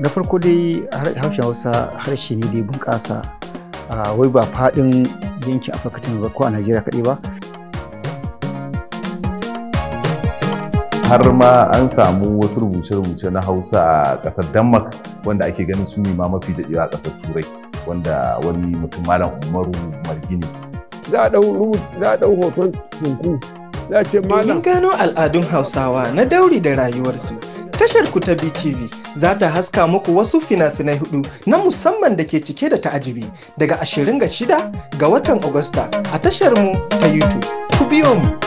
na farko dai harshen hausa harshe ne da ya bunƙasa wai ba faɗin yankin afirka ta ba ko a najeriya kaɗai ba har ma an samu wasu rubuce-rubuce na hausa a ƙasar denmark wanda ake ganin su ne ma mafi daɗewa a ƙasar turai wanda wani mutum malam umaru margini za a ɗau hoton tunku za a ce malam gano al'adun hausawa na dauri da rayuwarsu tashar ku ta BTV za ta haska muku wasu fina-finai hudu na musamman da ke cike da ta'ajibi daga 26 ga watan Agusta a tashar mu ta YouTube. Ku biyo mu.